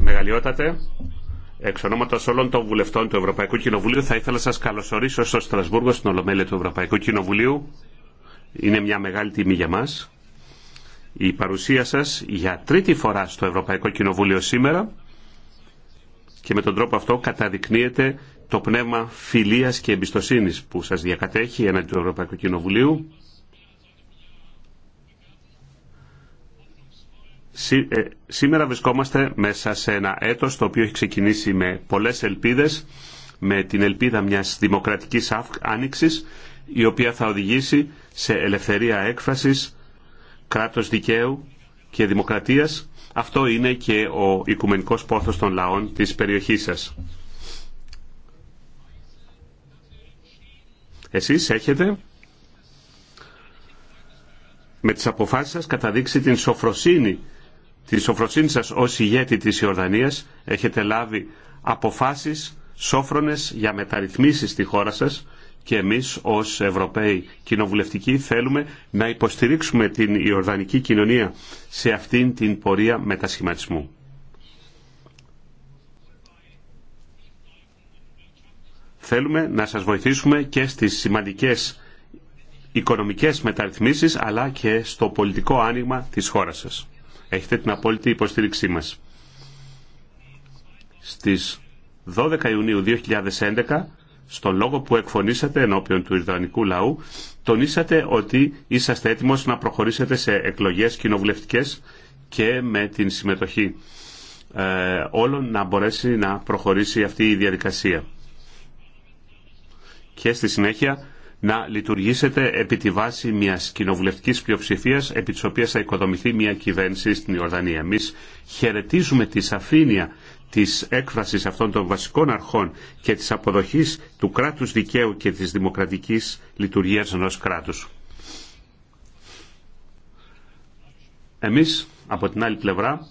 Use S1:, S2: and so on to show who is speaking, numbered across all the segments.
S1: Μεγαλειότατε, εξ ονόματο όλων των βουλευτών του Ευρωπαϊκού Κοινοβουλίου θα ήθελα να σα καλωσορίσω στο Στρασβούργο, στην Ολομέλεια του Ευρωπαϊκού Κοινοβουλίου. Είναι μια μεγάλη τιμή για μα. Η παρουσία σα για τρίτη φορά στο Ευρωπαϊκό Κοινοβούλιο σήμερα και με τον τρόπο αυτό καταδεικνύεται το πνεύμα φιλίας και εμπιστοσύνης που σας διακατέχει έναντι του Ευρωπαϊκού Κοινοβουλίου Ε, σήμερα βρισκόμαστε μέσα σε ένα έτος το οποίο έχει ξεκινήσει με πολλές ελπίδες, με την ελπίδα μιας δημοκρατικής άνοιξης, η οποία θα οδηγήσει σε ελευθερία έκφρασης, κράτος δικαίου και δημοκρατίας. Αυτό είναι και ο οικουμενικός πόθος των λαών της περιοχής σας. Εσείς έχετε με τις αποφάσεις σας καταδείξει την σοφροσύνη τη σοφροσύνη σας ως ηγέτη της Ιορδανίας έχετε λάβει αποφάσεις σόφρονες για μεταρρυθμίσεις στη χώρα σας και εμείς ως Ευρωπαίοι κοινοβουλευτικοί θέλουμε να υποστηρίξουμε την Ιορδανική κοινωνία σε αυτήν την πορεία μετασχηματισμού. Θέλουμε να σας βοηθήσουμε και στις σημαντικές οικονομικές μεταρρυθμίσεις αλλά και στο πολιτικό άνοιγμα της χώρας σας. Έχετε την απόλυτη υποστήριξή μας. Στις 12 Ιουνίου 2011, στον λόγο που εκφωνήσατε ενώπιον του Ιρδανικού λαού, τονίσατε ότι είσαστε έτοιμος να προχωρήσετε σε εκλογές κοινοβουλευτικές και με την συμμετοχή ε, όλων να μπορέσει να προχωρήσει αυτή η διαδικασία. Και στη συνέχεια να λειτουργήσετε επί τη βάση μιας κοινοβουλευτική πλειοψηφία επί της οποία θα οικοδομηθεί μια κυβέρνηση στην Ιορδανία. Εμείς χαιρετίζουμε τη σαφήνεια της έκφρασης αυτών των βασικών αρχών και της αποδοχής του κράτους δικαίου και της δημοκρατικής λειτουργίας ενό κράτους. Εμείς, από την άλλη πλευρά,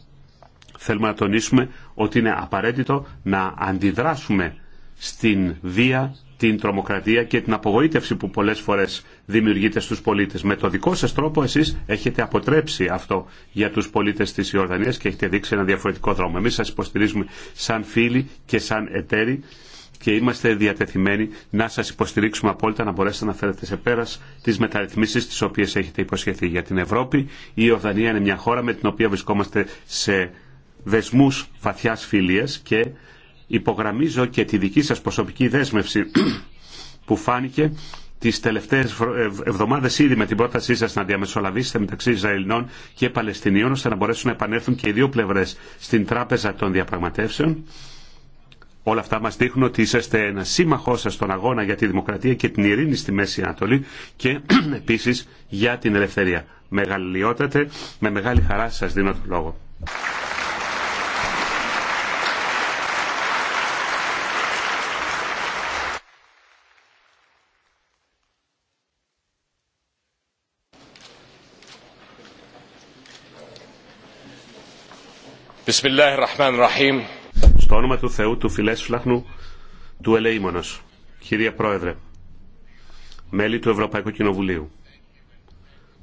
S1: θέλουμε να τονίσουμε ότι είναι απαραίτητο να αντιδράσουμε στην βία την τρομοκρατία και την απογοήτευση που πολλές φορές δημιουργείται στους πολίτες. Με το δικό σας τρόπο εσείς έχετε αποτρέψει αυτό για τους πολίτες της Ιορδανίας και έχετε δείξει ένα διαφορετικό δρόμο. Εμείς σας υποστηρίζουμε σαν φίλοι και σαν εταίροι και είμαστε διατεθειμένοι να σας υποστηρίξουμε απόλυτα να μπορέσετε να φέρετε σε πέρας τις μεταρρυθμίσεις τις οποίες έχετε υποσχεθεί για την Ευρώπη. Η Ιορδανία είναι μια χώρα με την οποία βρισκόμαστε σε δεσμούς βαθιάς φιλίας και υπογραμμίζω και τη δική σας προσωπική δέσμευση που φάνηκε τις τελευταίες εβδομάδες ήδη με την πρότασή σας να διαμεσολαβήσετε μεταξύ Ισραηλινών και Παλαιστινίων ώστε να μπορέσουν να επανέλθουν και οι δύο πλευρές στην τράπεζα των διαπραγματεύσεων. Όλα αυτά μας δείχνουν ότι είσαστε ένα σύμμαχό σας στον αγώνα για τη δημοκρατία και την ειρήνη στη Μέση Ανατολή και επίσης για την ελευθερία. Μεγαλειότατε, με μεγάλη χαρά σας δίνω τον λόγο. Στο όνομα του Θεού, του Φιλές Φλαχνού, του Ελεήμονος, κύριε Πρόεδρε, μέλη του Ευρωπαϊκού Κοινοβουλίου,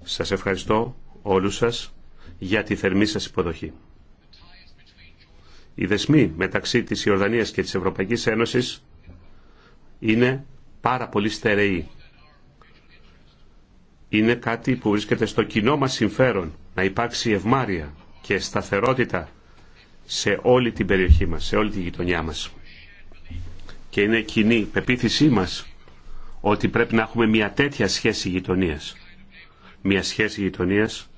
S1: σας ευχαριστώ όλους σας για τη θερμή σας υποδοχή. Οι δεσμοί μεταξύ της Ιορδανίας και της Ευρωπαϊκής Ένωσης είναι πάρα πολύ στερεοί. Είναι κάτι που βρίσκεται στο κοινό μας συμφέρον να υπάρξει ευμάρεια και σταθερότητα σε όλη την περιοχή μας, σε όλη τη γειτονιά μας. Και είναι κοινή πεποίθησή μας ότι πρέπει να έχουμε μια τέτοια σχέση γειτονίας. Μια σχέση γειτονίας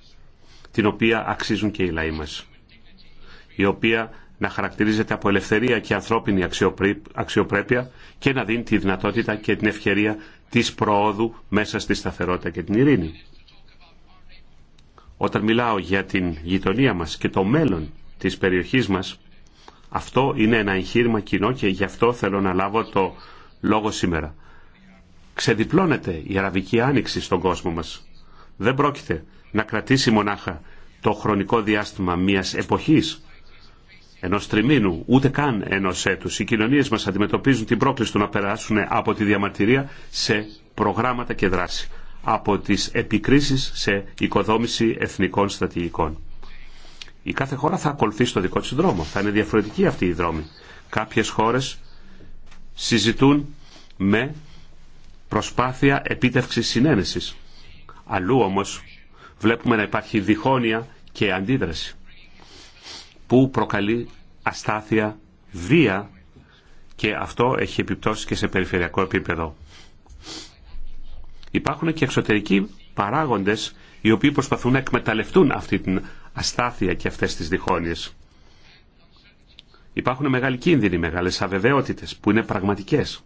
S1: την οποία αξίζουν και οι λαοί μας. Η οποία να χαρακτηρίζεται από ελευθερία και ανθρώπινη αξιοπρέπεια και να δίνει τη δυνατότητα και την ευκαιρία της προόδου μέσα στη σταθερότητα και την ειρήνη. Όταν μιλάω για την γειτονία μας και το μέλλον της περιοχής μας. Αυτό είναι ένα εγχείρημα κοινό και γι' αυτό θέλω να λάβω το λόγο σήμερα. Ξεδιπλώνεται η αραβική άνοιξη στον κόσμο μας. Δεν πρόκειται να κρατήσει μονάχα το χρονικό διάστημα μιας εποχής, ενός τριμήνου, ούτε καν ενός έτους. Οι κοινωνίες μας αντιμετωπίζουν την πρόκληση του να περάσουν από τη διαμαρτυρία σε προγράμματα και δράση, από τις επικρίσεις σε οικοδόμηση εθνικών στρατηγικών. Η κάθε χώρα θα ακολουθήσει το δικό της δρόμο. Θα είναι διαφορετική αυτή η δρόμη. Κάποιες χώρες συζητούν με προσπάθεια επίτευξης συνένεσης. Αλλού όμως βλέπουμε να υπάρχει διχόνοια και αντίδραση που προκαλεί αστάθεια, βία και αυτό έχει επιπτώσει και σε περιφερειακό επίπεδο. Υπάρχουν και εξωτερικοί παράγοντες οι οποίοι προσπαθούν να εκμεταλλευτούν αυτή την αστάθεια και αυτές τις διχόνοιες. Υπάρχουν μεγάλοι κίνδυνοι, μεγάλες αβεβαιότητες που είναι πραγματικές.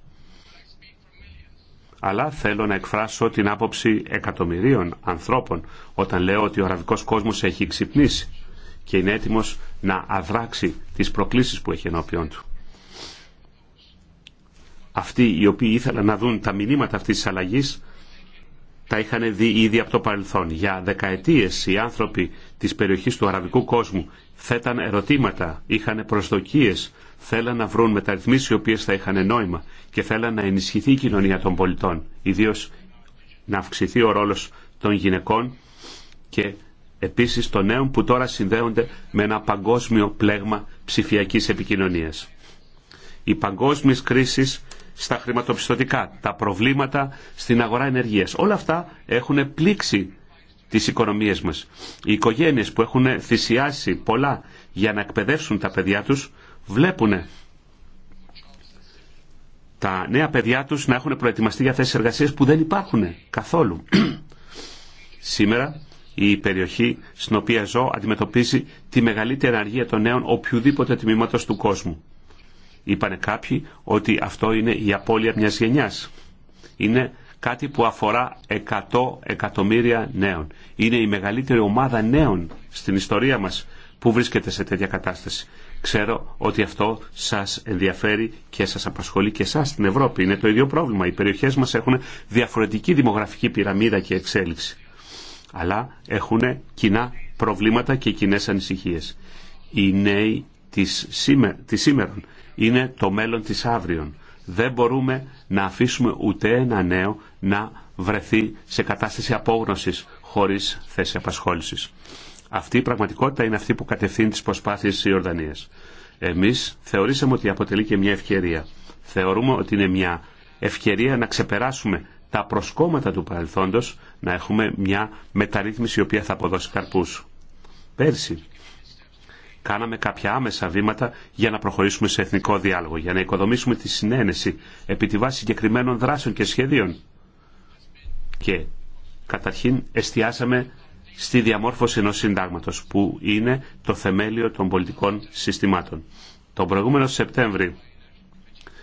S1: Αλλά θέλω να εκφράσω την άποψη εκατομμυρίων ανθρώπων όταν λέω ότι ο αραβικός κόσμος έχει ξυπνήσει και είναι έτοιμος να αδράξει τις προκλήσεις που έχει ενώπιον του. Αυτοί οι οποίοι ήθελαν να δουν τα μηνύματα αυτής της αλλαγής τα είχαν δει ήδη από το παρελθόν. Για δεκαετίες οι άνθρωποι της περιοχής του αραβικού κόσμου θέταν ερωτήματα, είχαν προσδοκίες, θέλαν να βρουν μεταρρυθμίσεις οι οποίες θα είχαν νόημα και θέλαν να ενισχυθεί η κοινωνία των πολιτών, ιδίως να αυξηθεί ο ρόλος των γυναικών και επίσης των νέων που τώρα συνδέονται με ένα παγκόσμιο πλέγμα ψηφιακής επικοινωνίας. Οι παγκόσμιες κρίσεις στα χρηματοπιστωτικά, τα προβλήματα στην αγορά ενεργείας. Όλα αυτά έχουν πλήξει τις οικονομίες μας. Οι οικογένειες που έχουν θυσιάσει πολλά για να εκπαιδεύσουν τα παιδιά τους βλέπουν τα νέα παιδιά τους να έχουν προετοιμαστεί για θέσεις εργασίας που δεν υπάρχουν καθόλου. Σήμερα η περιοχή στην οποία ζω αντιμετωπίζει τη μεγαλύτερη αργία των νέων οποιοδήποτε τμήματος του κόσμου. Είπανε κάποιοι ότι αυτό είναι η απώλεια μιας γενιάς. Είναι κάτι που αφορά εκατό εκατομμύρια νέων. Είναι η μεγαλύτερη ομάδα νέων στην ιστορία μας που βρίσκεται σε τέτοια κατάσταση. Ξέρω ότι αυτό σας ενδιαφέρει και σας απασχολεί και εσάς στην Ευρώπη. Είναι το ίδιο πρόβλημα. Οι περιοχές μας έχουν διαφορετική δημογραφική πυραμίδα και εξέλιξη. Αλλά έχουν κοινά προβλήματα και κοινέ ανησυχίες. Οι νέοι της, σήμερα είναι το μέλλον της αύριον. Δεν μπορούμε να αφήσουμε ούτε ένα νέο να βρεθεί σε κατάσταση απόγνωσης χωρίς θέση απασχόλησης. Αυτή η πραγματικότητα είναι αυτή που κατευθύνει τις προσπάθειες της Ιορδανίας. Εμείς θεωρήσαμε ότι αποτελεί και μια ευκαιρία. Θεωρούμε ότι είναι μια ευκαιρία να ξεπεράσουμε τα προσκόμματα του παρελθόντος, να έχουμε μια μεταρρύθμιση η οποία θα αποδώσει καρπούς. Πέρσι κάναμε κάποια άμεσα βήματα για να προχωρήσουμε σε εθνικό διάλογο, για να οικοδομήσουμε τη συνένεση επί τη βάση συγκεκριμένων δράσεων και σχεδίων. Και καταρχήν εστιάσαμε στη διαμόρφωση ενός συντάγματος που είναι το θεμέλιο των πολιτικών συστημάτων. Τον προηγούμενο Σεπτέμβρη,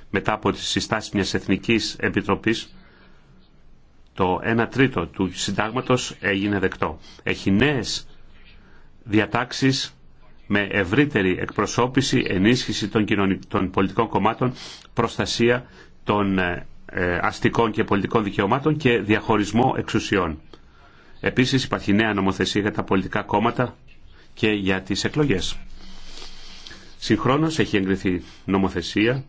S1: μετά από τις συστάσεις μιας Εθνικής Επιτροπής, το 1 τρίτο του συντάγματος έγινε δεκτό. Έχει νέες διατάξεις με ευρύτερη εκπροσώπηση, ενίσχυση των, των πολιτικών κομμάτων, προστασία των ε, ε, αστικών και πολιτικών δικαιωμάτων και διαχωρισμό εξουσιών. Επίσης υπάρχει νέα νομοθεσία για τα πολιτικά κόμματα και για τις εκλογές. Συγχρόνως έχει εγκριθεί νομοθεσία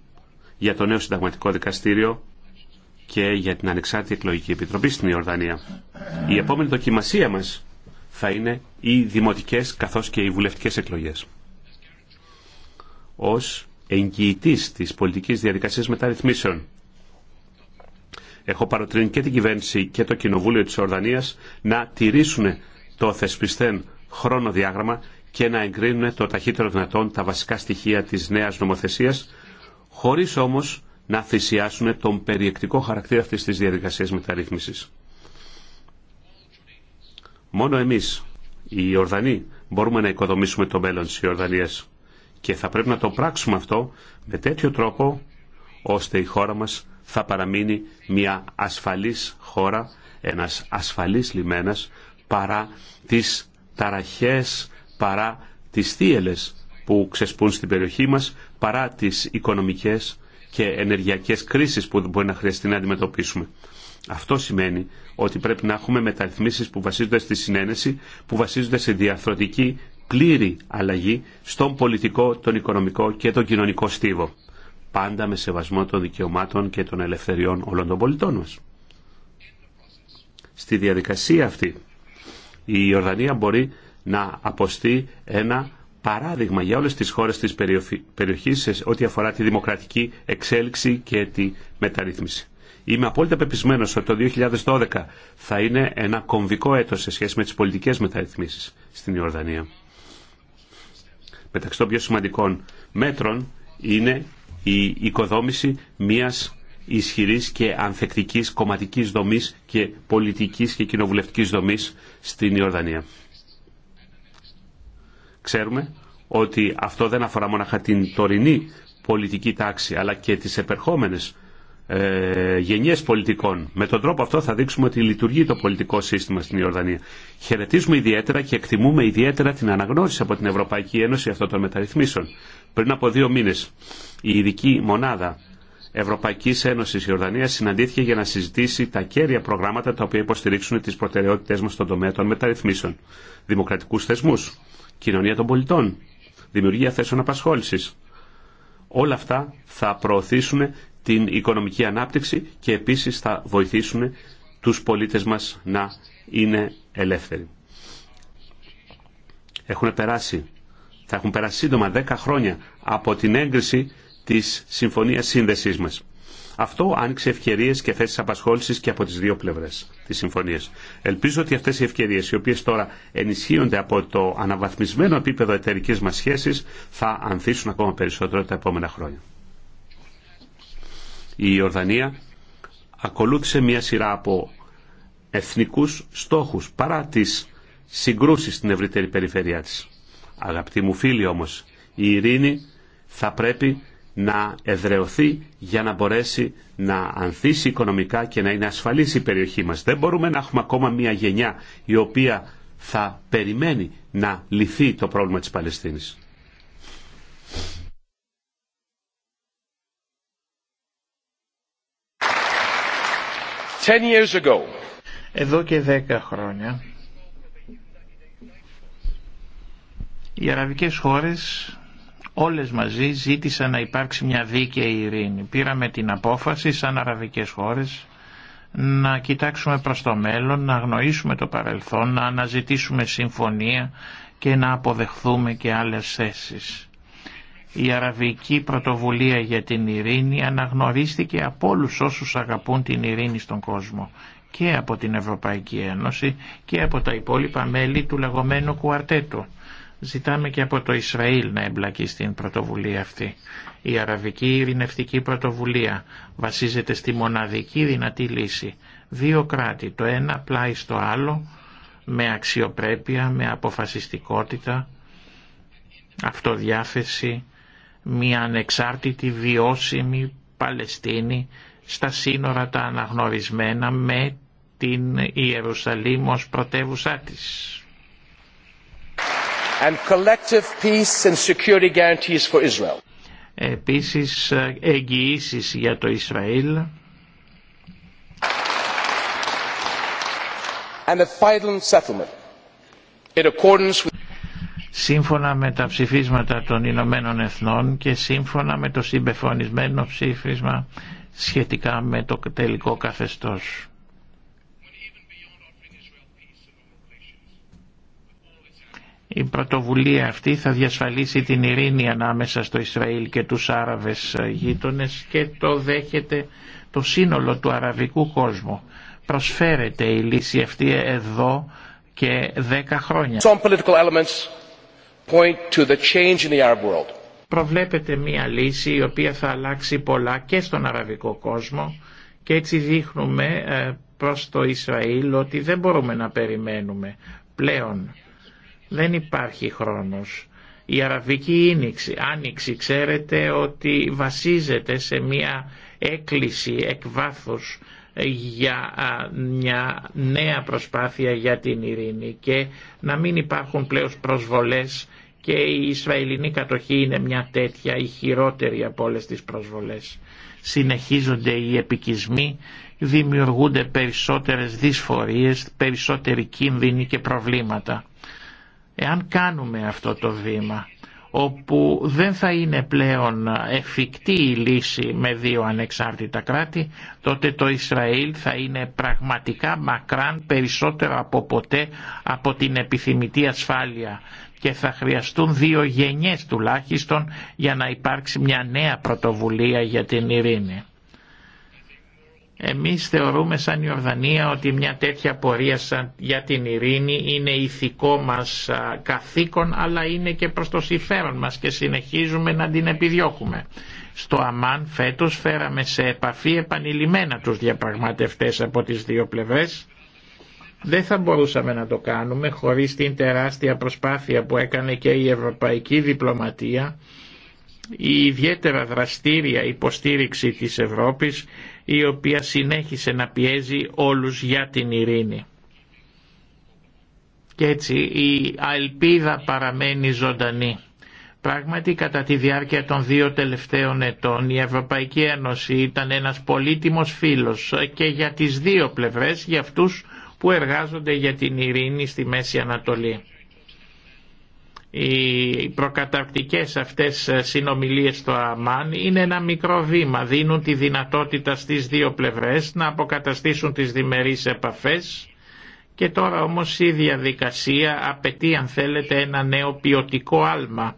S1: για το νέο συνταγματικό δικαστήριο και για την Ανεξάρτητη Εκλογική Επιτροπή στην Ιορδανία. Η επόμενη δοκιμασία μας θα είναι οι δημοτικές καθώς και οι βουλευτικές εκλογές. Ως εγγυητής της πολιτικής διαδικασίας μεταρρυθμίσεων έχω παροτρύνει και την κυβέρνηση και το Κοινοβούλιο της Ορδανίας να τηρήσουν το θεσπιστέν χρονοδιάγραμμα και να εγκρίνουν το ταχύτερο δυνατόν τα βασικά στοιχεία της νέας νομοθεσίας, χωρίς όμως να θυσιάσουν τον περιεκτικό χαρακτήρα αυτής της διαδικασίας μεταρρύθμισης. Μόνο εμεί, οι Ιορδανοί, μπορούμε να οικοδομήσουμε το μέλλον τη Ιορδανία και θα πρέπει να το πράξουμε αυτό με τέτοιο τρόπο ώστε η χώρα μα θα παραμείνει μια ασφαλή χώρα, ένα ασφαλή λιμένας παρά τις ταραχές, παρά τι θύελε που ξεσπούν στην περιοχή μα παρά τι οικονομικέ και ενεργειακές κρίσεις που μπορεί να χρειαστεί να αντιμετωπίσουμε. Αυτό σημαίνει ότι πρέπει να έχουμε μεταρρυθμίσεις που βασίζονται στη συνένεση, που βασίζονται σε διαρθρωτική πλήρη αλλαγή στον πολιτικό, τον οικονομικό και τον κοινωνικό στίβο. Πάντα με σεβασμό των δικαιωμάτων και των ελευθεριών όλων των πολιτών μας. Στη διαδικασία αυτή η Ιορδανία μπορεί να αποστεί ένα παράδειγμα για όλες τις χώρες της περιοχής ό,τι αφορά τη δημοκρατική εξέλιξη και τη μεταρρύθμιση. Είμαι απόλυτα πεπισμένο ότι το 2012 θα είναι ένα κομβικό έτος σε σχέση με τις πολιτικές μεταρρυθμίσεις στην Ιορδανία. Μεταξύ των πιο σημαντικών μέτρων είναι η οικοδόμηση μιας ισχυρής και ανθεκτικής κομματικής δομής και πολιτικής και κοινοβουλευτική δομής στην Ιορδανία. Ξέρουμε ότι αυτό δεν αφορά μόνο την τωρινή πολιτική τάξη αλλά και τις επερχόμενες ε, γενιές πολιτικών. Με τον τρόπο αυτό θα δείξουμε ότι λειτουργεί το πολιτικό σύστημα στην Ιορδανία. Χαιρετίζουμε ιδιαίτερα και εκτιμούμε ιδιαίτερα την αναγνώριση από την Ευρωπαϊκή Ένωση αυτών των μεταρρυθμίσεων. Πριν από δύο μήνες η ειδική μονάδα Ευρωπαϊκή Ένωση Ιορδανία συναντήθηκε για να συζητήσει τα κέρια προγράμματα τα οποία υποστηρίξουν τι προτεραιότητέ μα στον τομέα των μεταρρυθμίσεων. Δημοκρατικού θεσμού, κοινωνία των πολιτών, δημιουργία θέσεων απασχόληση. Όλα αυτά θα προωθήσουν την οικονομική ανάπτυξη και επίσης θα βοηθήσουν τους πολίτες μας να είναι ελεύθεροι. Έχουν περάσει, θα έχουν περάσει σύντομα 10 χρόνια από την έγκριση της Συμφωνίας Σύνδεσής μας. Αυτό άνοιξε ευκαιρίε και θέσει απασχόληση και από τι δύο πλευρέ τη συμφωνία. Ελπίζω ότι αυτέ οι ευκαιρίε, οι οποίε τώρα ενισχύονται από το αναβαθμισμένο επίπεδο εταιρική μα σχέση, θα ανθίσουν ακόμα περισσότερο τα επόμενα χρόνια η Ιορδανία ακολούθησε μια σειρά από εθνικούς στόχους παρά τις συγκρούσεις στην ευρύτερη περιφερειά της. Αγαπητοί μου φίλοι όμως, η ειρήνη θα πρέπει να εδρεωθεί για να μπορέσει να ανθίσει οικονομικά και να είναι ασφαλής η περιοχή μας. Δεν μπορούμε να έχουμε ακόμα μια γενιά η οποία θα περιμένει να λυθεί το πρόβλημα της Παλαιστίνης.
S2: Εδώ και δέκα χρόνια οι αραβικές χώρες όλες μαζί ζήτησαν να υπάρξει μια δίκαιη ειρήνη. Πήραμε την απόφαση σαν αραβικές χώρες να κοιτάξουμε προς το μέλλον, να γνωρίσουμε το παρελθόν, να αναζητήσουμε συμφωνία και να αποδεχθούμε και άλλες θέσεις. Η Αραβική Πρωτοβουλία για την Ειρήνη αναγνωρίστηκε από όλους όσους αγαπούν την ειρήνη στον κόσμο και από την Ευρωπαϊκή Ένωση και από τα υπόλοιπα μέλη του λεγόμενου κουαρτέτου. Ζητάμε και από το Ισραήλ να εμπλακεί στην πρωτοβουλία αυτή. Η Αραβική Ειρηνευτική Πρωτοβουλία βασίζεται στη μοναδική δυνατή λύση. Δύο κράτη, το ένα πλάι στο άλλο, με αξιοπρέπεια, με αποφασιστικότητα, αυτοδιάθεση μια ανεξάρτητη βιώσιμη Παλαιστίνη στα σύνορα τα αναγνωρισμένα με την Ιερουσαλήμ ως πρωτεύουσά της. And collective peace and security guarantees for Israel. Επίσης εγγυήσεις για το Ισραήλ.
S1: And a final settlement
S2: in accordance with σύμφωνα με τα ψηφίσματα των Ηνωμένων Εθνών και σύμφωνα με το συμπεφωνισμένο ψήφισμα σχετικά με το τελικό καθεστώς. Η πρωτοβουλία αυτή θα διασφαλίσει την ειρήνη ανάμεσα στο Ισραήλ και τους Άραβες γείτονες και το δέχεται το σύνολο του αραβικού κόσμου. Προσφέρεται η λύση αυτή εδώ και δέκα χρόνια point to the change in the Arab world. Προβλέπεται μία λύση η οποία θα αλλάξει πολλά και στον αραβικό κόσμο και έτσι δείχνουμε ε, προς το Ισραήλ ότι δεν μπορούμε να περιμένουμε πλέον. Δεν υπάρχει χρόνος. Η αραβική ίνιξη άνοιξη ξέρετε ότι βασίζεται σε μία έκκληση εκ βάθους για μια νέα προσπάθεια για την ειρήνη και να μην υπάρχουν πλέον προσβολές και η Ισραηλινή κατοχή είναι μια τέτοια η χειρότερη από όλες τις προσβολές. Συνεχίζονται οι επικισμοί, δημιουργούνται περισσότερες δυσφορίες, περισσότεροι κίνδυνοι και προβλήματα. Εάν κάνουμε αυτό το βήμα όπου δεν θα είναι πλέον εφικτή η λύση με δύο ανεξάρτητα κράτη, τότε το Ισραήλ θα είναι πραγματικά μακράν περισσότερο από ποτέ από την επιθυμητή ασφάλεια και θα χρειαστούν δύο γενιές τουλάχιστον για να υπάρξει μια νέα πρωτοβουλία για την ειρήνη. Εμείς θεωρούμε σαν Ιορδανία ότι μια τέτοια πορεία για την ειρήνη είναι ηθικό μας καθήκον αλλά είναι και προς το συμφέρον μας και συνεχίζουμε να την επιδιώκουμε. Στο Αμάν φέτος φέραμε σε επαφή επανειλημμένα τους διαπραγματευτές από τις δύο πλευρές. Δεν θα μπορούσαμε να το κάνουμε χωρίς την τεράστια προσπάθεια που έκανε και η ευρωπαϊκή διπλωματία η ιδιαίτερα δραστήρια υποστήριξη της Ευρώπης η οποία συνέχισε να πιέζει όλους για την ειρήνη. Και έτσι η αελπίδα παραμένει ζωντανή. Πράγματι κατά τη διάρκεια των δύο τελευταίων ετών η Ευρωπαϊκή Ένωση ήταν ένας πολύτιμος φίλος και για τις δύο πλευρές, για αυτούς που εργάζονται για την ειρήνη στη Μέση Ανατολή. Οι προκαταρκτικές αυτές συνομιλίες στο ΑΜΑΝ είναι ένα μικρό βήμα, δίνουν τη δυνατότητα στις δύο πλευρές να αποκαταστήσουν τις διμερείς επαφές και τώρα όμως η διαδικασία απαιτεί αν θέλετε ένα νέο ποιοτικό άλμα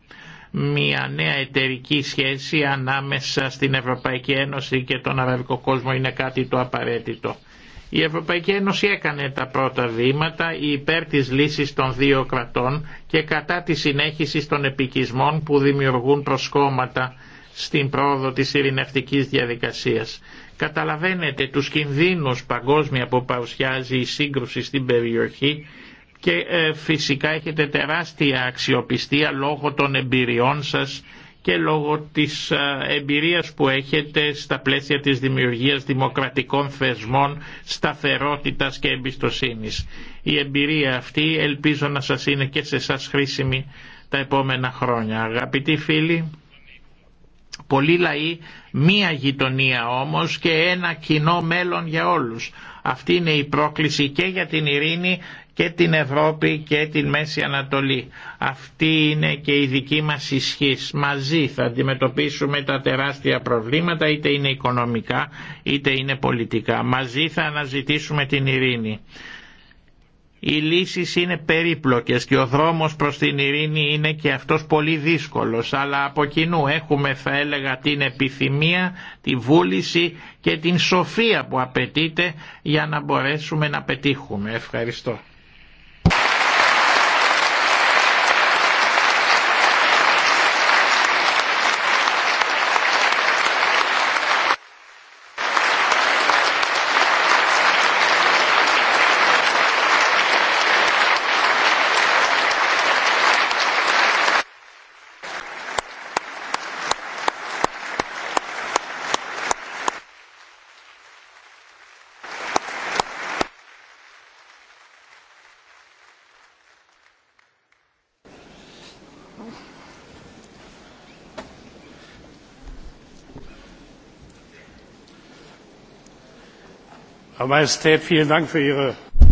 S2: μια νέα εταιρική σχέση ανάμεσα στην Ευρωπαϊκή Ένωση και τον Αραβικό κόσμο είναι κάτι το απαραίτητο. Η Ευρωπαϊκή Ένωση έκανε τα πρώτα βήματα υπέρ της λύσης των δύο κρατών και κατά τη συνέχιση των επικισμών που δημιουργούν προσκόμματα στην πρόοδο της ειρηνευτικής διαδικασίας. Καταλαβαίνετε τους κινδύνους παγκόσμια που παρουσιάζει η σύγκρουση στην περιοχή και ε, φυσικά έχετε τεράστια αξιοπιστία λόγω των εμπειριών σας και λόγω της ε, εμπειρίας που έχετε στα πλαίσια της δημιουργίας δημοκρατικών θεσμών, σταθερότητας και εμπιστοσύνης. Η εμπειρία αυτή ελπίζω να σας είναι και σε εσά χρήσιμη τα επόμενα χρόνια. Αγαπητοί φίλοι, πολλοί λαοί, μία γειτονία όμως και ένα κοινό μέλλον για όλους. Αυτή είναι η πρόκληση και για την ειρήνη και την Ευρώπη και την Μέση Ανατολή. Αυτή είναι και η δική μας ισχύ. Μαζί θα αντιμετωπίσουμε τα τεράστια προβλήματα, είτε είναι οικονομικά είτε είναι πολιτικά. Μαζί θα αναζητήσουμε την ειρήνη. Οι λύσεις είναι περίπλοκες και ο δρόμος προς την ειρήνη είναι και αυτός πολύ δύσκολος, αλλά από κοινού έχουμε θα έλεγα την επιθυμία, τη βούληση και την σοφία που απαιτείται για να μπορέσουμε να πετύχουμε. Ευχαριστώ.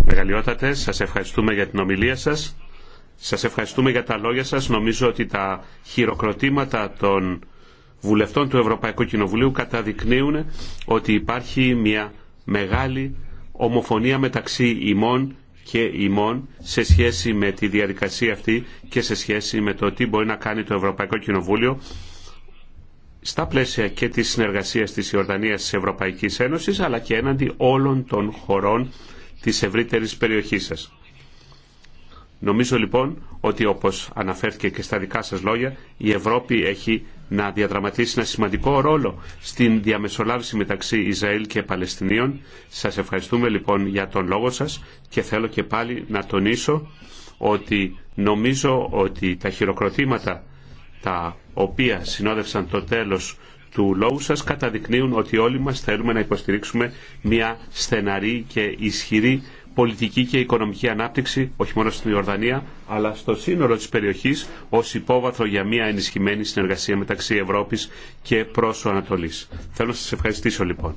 S1: Μεγαλειότατε, σας ευχαριστούμε για την ομιλία σας. Σας ευχαριστούμε για τα λόγια σας. Νομίζω ότι τα χειροκροτήματα των βουλευτών του Ευρωπαϊκού Κοινοβουλίου καταδεικνύουν ότι υπάρχει μια μεγάλη ομοφωνία μεταξύ ημών και ημών σε σχέση με τη διαδικασία αυτή και σε σχέση με το τι μπορεί να κάνει το Ευρωπαϊκό Κοινοβούλιο στα πλαίσια και της συνεργασίας της Ιορδανίας της Ευρωπαϊκής Ένωσης αλλά και έναντι όλων των χωρών της ευρύτερης περιοχής σας. Νομίζω λοιπόν ότι όπως αναφέρθηκε και στα δικά σας λόγια η Ευρώπη έχει να διαδραματίσει ένα σημαντικό ρόλο στην διαμεσολάβηση μεταξύ Ισραήλ και Παλαιστινίων. Σας ευχαριστούμε λοιπόν για τον λόγο σας και θέλω και πάλι να τονίσω ότι νομίζω ότι τα χειροκροτήματα τα οποία συνόδευσαν το τέλος του λόγου σας καταδεικνύουν ότι όλοι μας θέλουμε να υποστηρίξουμε μια στεναρή και ισχυρή πολιτική και οικονομική ανάπτυξη όχι μόνο στην Ιορδανία αλλά στο σύνολο της περιοχής ως υπόβαθρο για μια ενισχυμένη συνεργασία μεταξύ Ευρώπης και προς Ανατολής. Θέλω να σας ευχαριστήσω λοιπόν.